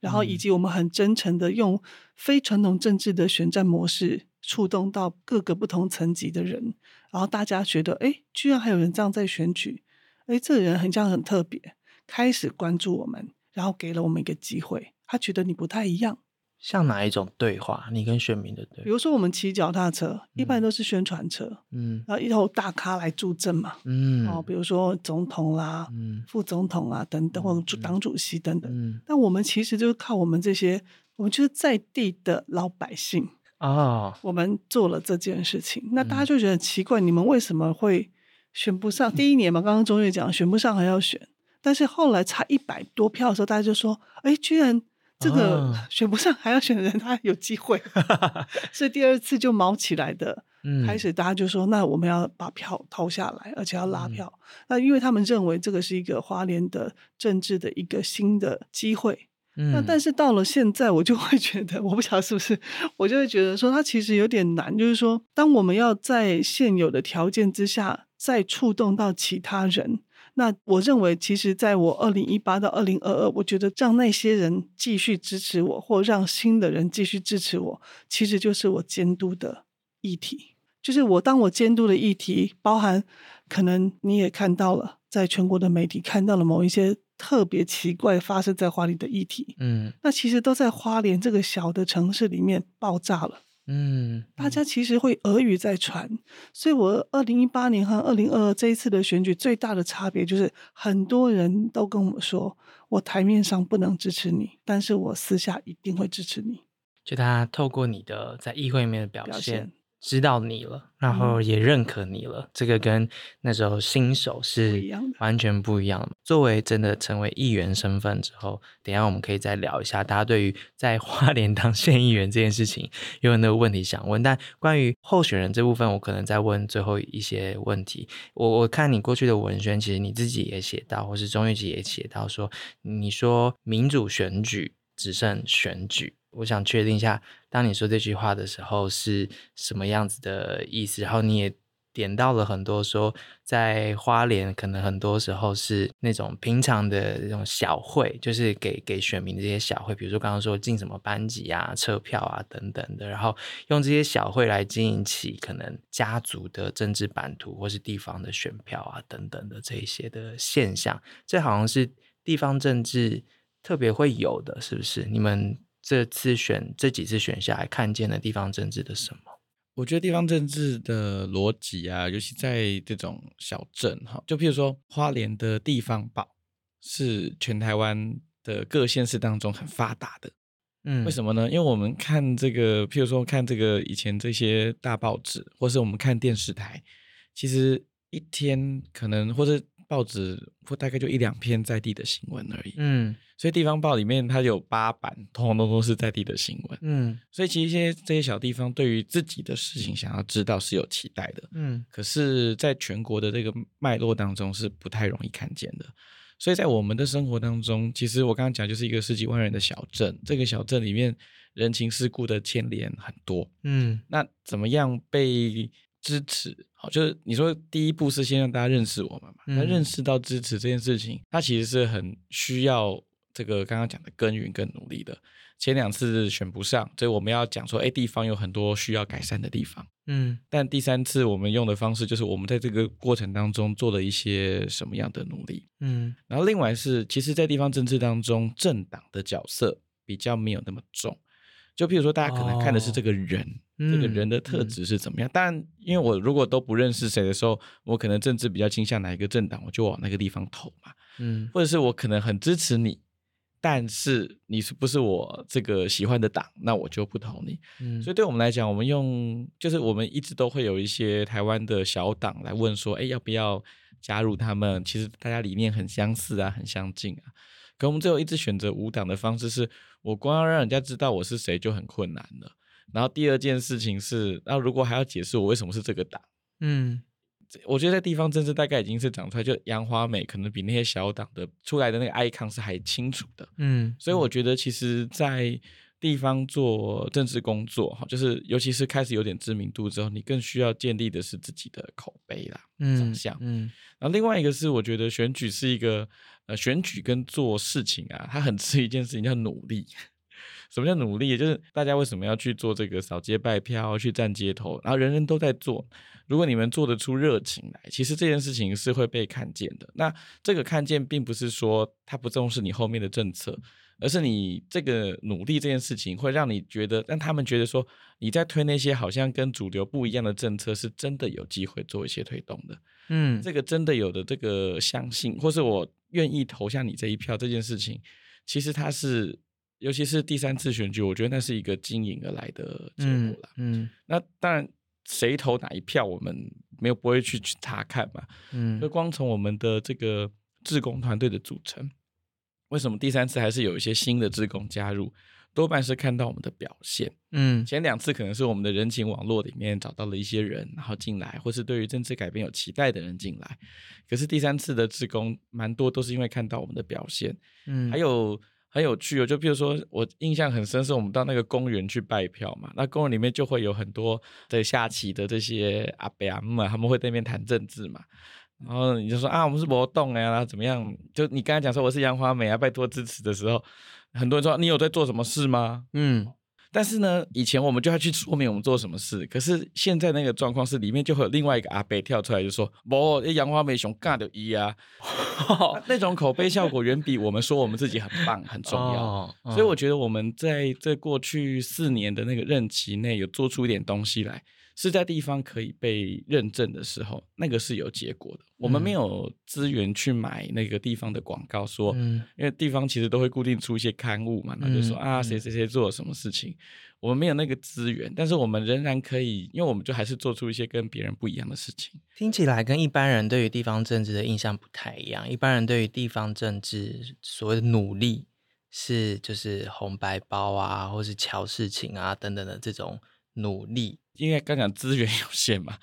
然後以及我們很真誠的用非傳統政治的選戰模式觸動到各個不同層級的人，然後大家覺得：“哎，居然還有人這樣在選舉，哎，這個人好像很特別，開始關注我們。”然後給了我們一個機會，他覺得你不太一樣。像哪一種對話？你跟選民的對話？比如說，我們騎腳踏車，一般都是宣傳車，嗯，然後一頭大咖來助陣嘛，嗯，哦，比如說總統啦、副總統啊等等，或者黨主席等等，嗯，但我們其實就是靠我們這些，我們就是在地的老百姓啊，我們做了這件事情，那大家就覺得奇怪，你們為什麼會選不上？第一年嘛，剛剛中岳講，選不上還要選。但是後來差一百多票的時候，大家就說：“哎、欸，居然這個選不上還要選人他、oh. 有機會。 ”所以第二次就卯起來的，開始、嗯、大家就說：“那我們要把票投下來，而且要拉票。嗯”那因為他們認為這個是一個花蓮的政治的一個新的機會。嗯、那但是到了現在，我就會覺得，我不曉得是不是，我就會覺得說他其實有點難，就是說，當我們要在現有的條件之下再觸動到其他人。那我認為，其實，在我二零一八到二零二二，我覺得讓那些人繼續支持我，或讓新的人繼續支持我，其實就是我監督的議題。就是我當我監督的議題，包含可能你也看到了，在全國的媒體看到了某一些特別奇怪發生在花蓮的議題。嗯，那其實都在花蓮這個小的城市裡面爆炸了。嗯，嗯，大家其實會耳語在傳，所以我二零一八年和二零二二這一次的選舉最大的差別就是，很多人都跟我說，我台面上不能支持你，但是我私下一定會支持你。就他透過你的在議會裡面的表現，表現知道你了，然後也認可你了，嗯、這個跟那時候新手是一樣，完全不一樣。作為真的成為議員身份之後，等一下我們可以再聊一下，大家對於在花蓮當縣議員這件事情，有沒有那個問題想問。但關於候選人這部分，我可能再問最後一些問題。我我看你過去的文宣，其實你自己也寫到，或是中岳也寫到說，說你說民主選舉，只剩選舉，我想確定一下，當你說這句話的時候是什麼樣子的意思？然後你也點到了很多說，在花蓮可能很多時候是那種平常的這種小會，就是給給選民的這些小會，比如說剛剛說進什麼班級啊、車票啊等等的，然後用這些小會來經營起可能家族的政治版圖或是地方的選票啊等等的這一些的現象，這好像是地方政治。特別會有的，是不是？你們這次選這幾次選下來看見的地方政治的什麼？我覺得地方政治的邏輯啊，尤其在這種小鎮哈，就譬如說花蓮的地方報是全台灣的各縣市當中很發達的。嗯，為什麼呢？因為我們看這個，譬如說看這個以前這些大報紙，或是我們看電視台，其實一天可能或者。報紙不大概就一兩篇在地的新聞而已，嗯，所以地方報裡面它有八版，通通都是在地的新聞，嗯，所以其實這些這些小地方對於自己的事情想要知道是有期待的，嗯，可是在全國的這個脈絡當中是不太容易看見的，所以在我們的生活當中，其實我剛剛講就是一個十幾萬人的小鎮，這個小鎮裡面人情世故的牽連很多，嗯，那怎麼樣被支持？好，就是你說第一步是先讓大家認識我們嘛，那、嗯、認識到支持這件事情，它其實是很需要這個剛剛講的耕耘跟努力的。前兩次選不上，所以我們要講說，哎、欸，地方有很多需要改善的地方。嗯，但第三次我們用的方式就是我們在這個過程當中做了一些什麼樣的努力。嗯，然後另外是，其實，在地方政治當中，政黨的角色比較沒有那麼重。就譬如說，大家可能看的是這個人，哦、這個人的特質是怎麼樣。嗯嗯、但因為我如果都不認識誰的時候，我可能政治比較傾向哪一個政黨，我就往那個地方投嘛。嗯，或者是我可能很支持你，但是你是不是我這個喜歡的黨，那我就不投你。嗯，所以對我們來講，我們用就是我們一直都會有一些台灣的小黨來問說，哎、欸，要不要加入他們？其實大家理念很相似啊，很相近啊。可我們最後一直選擇無黨的方式是，是我光要讓人家知道我是誰就很困難了。然後第二件事情是，那、啊、如果還要解釋我為什麼是這個黨，嗯，我覺得在地方政治大概已經是長出來，就楊華美可能比那些小黨的出來的那個 icon 是還清楚的，嗯，所以我覺得其實在地方做政治工作，哈、嗯，就是尤其是開始有點知名度之後，你更需要建立的是自己的口碑啦，嗯，長相。嗯，然後另外一個是，我覺得選舉是一個。呃，選舉跟做事情啊，他很吃一件事情叫努力。 什麼叫努力？就是大家為什麼要去做這個掃街拜票，去站街頭，然後人人都在做。如果你們做得出熱情來，其實這件事情是會被看見的。那這個看見，並不是說他不重視你後面的政策。而是你這個努力這件事情，會讓你覺得讓他們覺得說你在推那些好像跟主流不一樣的政策，是真的有機會做一些推動的。嗯，這個真的有的這個相信，或是我願意投向你這一票這件事情，其實它是，尤其是第三次選舉，我覺得那是一個經營而來的結果啦。嗯。嗯，那當然誰投哪一票，我們沒有不會去去查看嘛。嗯，就光從我們的這個志工團隊的組成，為什麼第三次還是有一些新的志工加入？多半是看到我們的表現。嗯，前兩次可能是我們的人情網絡裡面找到了一些人，然後進來，或是對於政治改變有期待的人進來。可是第三次的志工，蠻多都是因為看到我們的表現。嗯，還有很有趣哦，就譬如說我印象很深是，我們到那個公園去拜票嘛，那公園裡面就會有很多在下棋的這些阿伯阿姆，他們會在那邊談政治嘛。然後你就說啊，我們是魔洞呀，然後怎麼樣？就你剛才講說我是楊華美啊，拜托支持的時候，很多人說你有在做什麼事嗎？嗯，但是呢，以前我們就要去說明我們做什麼事，可是現在那個狀況是裡面就會有另外一個阿伯跳出來就說，不，楊華美熊嘎的一啊。 那種口碑效果遠比我們說我們自己很棒 很重要，哦哦、所以我覺得我們在在過去四年的那個任期內有做出一點東西來。是在地方可以被認證的時候，那個是有結果的。我們沒有資源去買那個地方的廣告，說，因為地方其實都會固定出一些刊物嘛，那就說啊，誰誰誰做了什麼事情。我們沒有那個資源，但是我們仍然可以，因為我們就還是做出一些跟別人不一樣的事情。聽起來跟一般人對於地方政治的印象不太一樣。一般人對於地方政治所謂的努力，是就是紅白包啊，或是喬事情啊等等的這種努力。應該剛講資源有限嘛，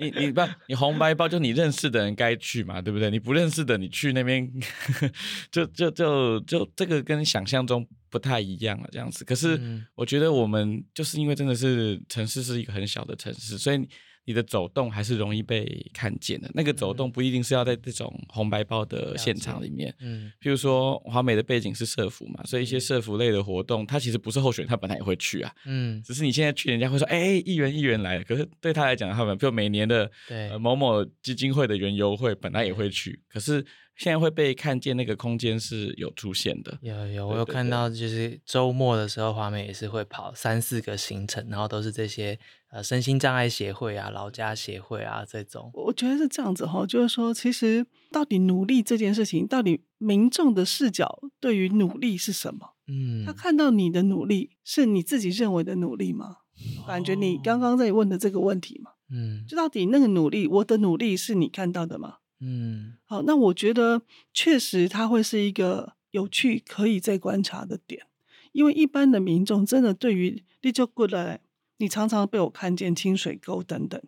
你你不你紅白包就你認識的人該去嘛，對不對？你不認識的你去那邊，呵呵就就就就這個跟想象中不太一樣了，這樣子。可是我覺得我們就是因為真的是城市是一個很小的城市，所以。你的走動還是容易被看見的。那個走動不一定是要在這種紅白包的現場裡面。嗯，比如說華美的背景是社服嘛，嗯、所以一些社服類的活動，它其實不是候選，它本來也會去啊。嗯，只是你現在去人家會說，哎、欸，議員議員來了。可是對他來講，他本就每年的某某基金會的園遊會本來也會去，對可是。現在會被看見那個空間是有出現的，有有，我有看到，就是周末的時候，華美也是會跑三四個行程，然後都是這些呃，身心障礙協會啊，老家協會啊這種。我覺得是這樣子哈、哦，就是說，其實到底努力這件事情，到底民眾的視角對於努力是什麼？嗯，他看到你的努力是你自己認為的努力嗎？哦、感覺你剛剛在問的這個問題嘛？嗯，就到底那個努力，我的努力是你看到的嗎？嗯，好，那我覺得確實它會是一個有趣可以再觀察的點，因為一般的民眾真的對於你就過來，你常常被我看見清水溝等等，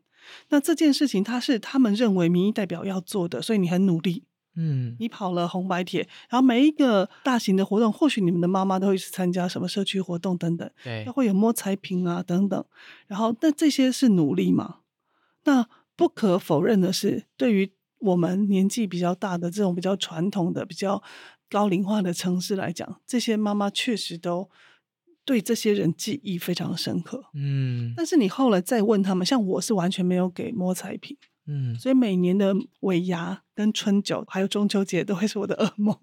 那這件事情它是他們認為民意代表要做的，所以你很努力，嗯，你跑了紅白帖，然後每一個大型的活動，或許你們的媽媽都會去參加什麼社區活動等等，對，他會有摸彩品啊等等，然後那這些是努力嗎？那不可否認的是，對於。我們年紀比較大的這種比較傳統的、比較高齡化的城市來講，這些媽媽確實都對這些人記憶非常深刻。嗯，但是你後來再問他們，像我是完全沒有給摸彩品，嗯，所以每年的尾牙跟春酒還有中秋節都會是我的噩夢。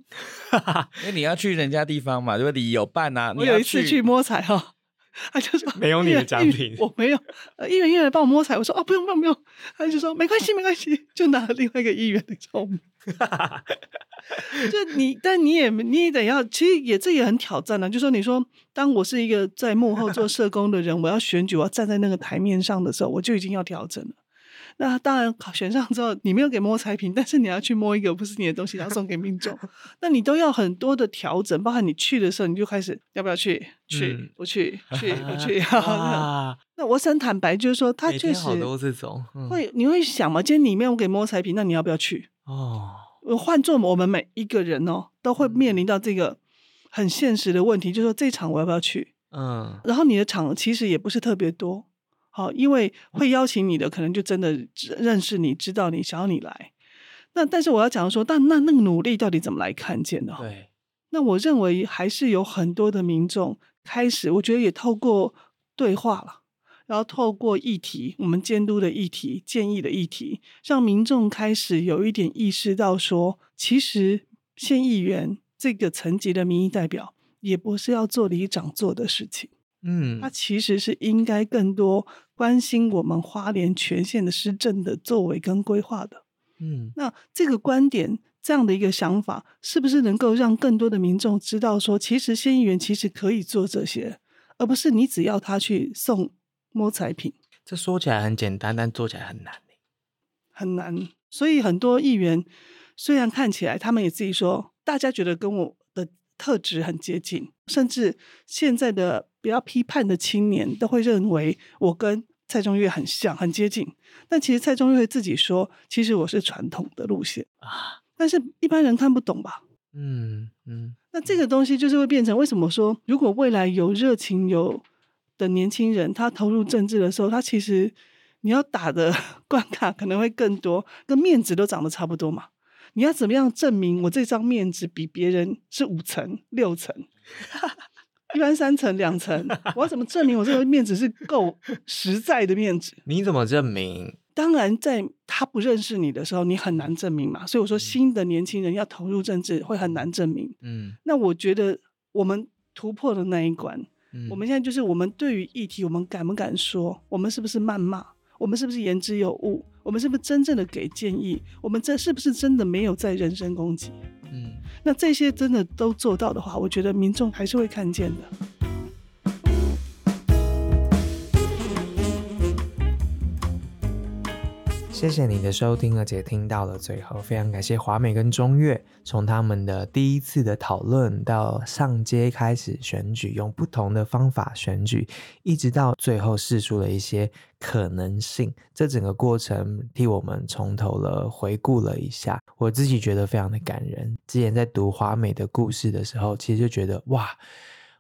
哈哈，因為你要去人家地方嘛，如果你有辦啊，我有一次去摸彩哈。 他就說：“沒有你的獎品，我沒有。呃，議員議員幫我摸彩，我說哦，不用不用不用。他就說沒關係沒關係，就拿了另外一個議員的抽。 就你，但你也你也得要，其實也這也很挑戰呢，啊。就說你說，當我是一個在幕後做社工的人， 我要選舉，我要站在那個檯面上的時候，我就已經要調整了。”那當然，考選上之後，你沒有給摸彩品，但是你要去摸一個不是你的東西，然後送給民眾， 那你都要很多的調整，包含你去的時候，你就開始要不要去，去、嗯、不去，去不去。哈、啊。啊、那我想坦白，就是說他確實好多這種，會、嗯、你會想嘛，今天你沒有給摸彩品，那你要不要去？哦，換做我們每一個人哦，都會面臨到這個很現實的問題，就是說這場我要不要去？嗯，然後你的場其實也不是特別多。好，因為會邀請你的，可能就真的認識你，知道你，想要你來。那但是我要講說，但那那個努力到底怎麼來看見呢？對，那我認為還是有很多的民眾開始，我覺得也透過對話了，然後透過議題，我們監督的議題、建議的議題，讓民眾開始有一點意識到，說其實縣議員這個層級的民意代表，也不是要做里長做的事情。嗯，他其實是應該更多關心我們花蓮全縣的施政的作為跟規劃的。嗯，那這個觀點這樣的一個想法，是不是能夠讓更多的民眾知道說，其實縣議員其實可以做這些，而不是你只要他去送摸彩品。這說起來很簡單，但做起來很難。很難。所以很多議員雖然看起來他們也自己說，大家覺得跟我的特質很接近，甚至現在的。比較批判的青年都會認為我跟蔡中岳很像、很接近，但其實蔡中岳會自己說，其實我是傳統的路線啊，但是一般人看不懂吧？嗯嗯，嗯，那這個東西就是會變成，為什麼說如果未來有熱情有的年輕人他投入政治的時候，他其實你要打的關卡可能會更多，跟面子都長得差不多嘛，你要怎麼樣證明我這張面子比別人是五層六層？ 一般三層兩層，我要怎麼證明我這個面子是夠實在的面子？ 你怎麼證明？當然，在他不認識你的時候，你很難證明嘛。所以我說，新的年輕人要投入政治，會很難證明。嗯，那我覺得我們突破的那一關，嗯、我們現在就是我們對於議題，我們敢不敢說？我們是不是謾罵？我們是不是言之有物？我們是不是真正的給建議？我們這是不是真的沒有在人身攻擊？那這些真的都做到的話，我覺得民眾還是會看見的。謝謝你的收聽，而且聽到了最後，非常感謝華美跟中岳，從他們的第一次的討論到上街開始選舉，用不同的方法選舉，一直到最後試出了一些可能性，這整個過程替我們從頭了回顧了一下，我自己覺得非常的感人。之前在讀華美的故事的時候，其實就覺得哇，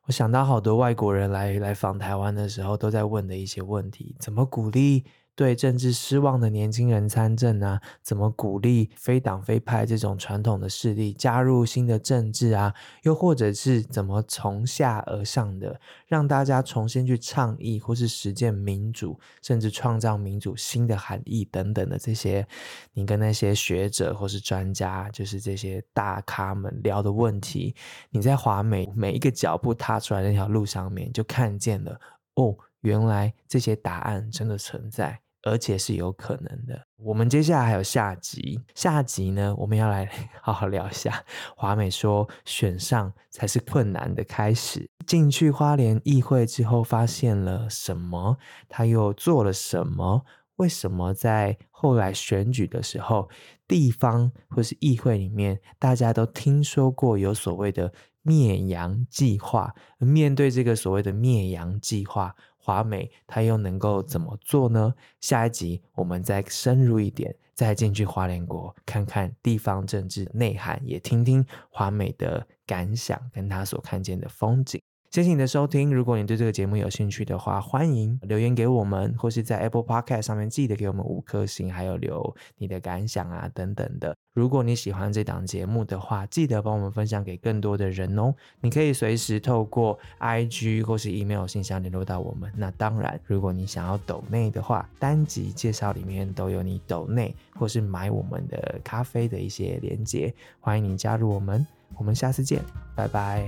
我想到好多外國人來來訪台灣的時候都在問的一些問題，怎麼鼓勵？對政治失望的年輕人參政啊，怎麼鼓勵非黨非派這種傳統的勢力加入新的政治啊？又或者是怎麼從下而上的讓大家重新去倡議或是實踐民主，甚至創造民主新的含義等等的這些，你跟那些學者或是專家，就是這些大咖們聊的問題，你在華美每一個腳步踏出來那條路上面就看見了哦，原來這些答案真的存在。而且是有可能的。我們接下來還有下集，下集呢，我們要來好好聊一下。華美說，選上才是困難的開始。進去花蓮議會之後，發現了什麼？他又做了什麼？為什麼在後來選舉的時候，地方或是議會裡面，大家都聽說過有所謂的“滅楊計劃”？面對這個所謂的“滅楊計劃”。華美他又能夠怎麼做呢？下一集我們再深入一點，再進去花蓮國，看看地方政治內涵，也聽聽華美的感想，跟他所看見的風景。謝謝你的收聽，如果你對這個節目有興趣的話，歡迎留言給我們，或是在 Apple Podcast 上面記得給我們五顆星，還有留你的感想啊等等的。如果你喜歡這檔節目的話，記得幫我們分享給更多的人哦。你可以隨時透過 IG 或是 email 信箱聯絡到我們。那當然，如果你想要抖內的話，單集介紹裡面都有你抖內或是買我們的咖啡的一些鏈接，歡迎你加入我們。我們下次見，拜拜。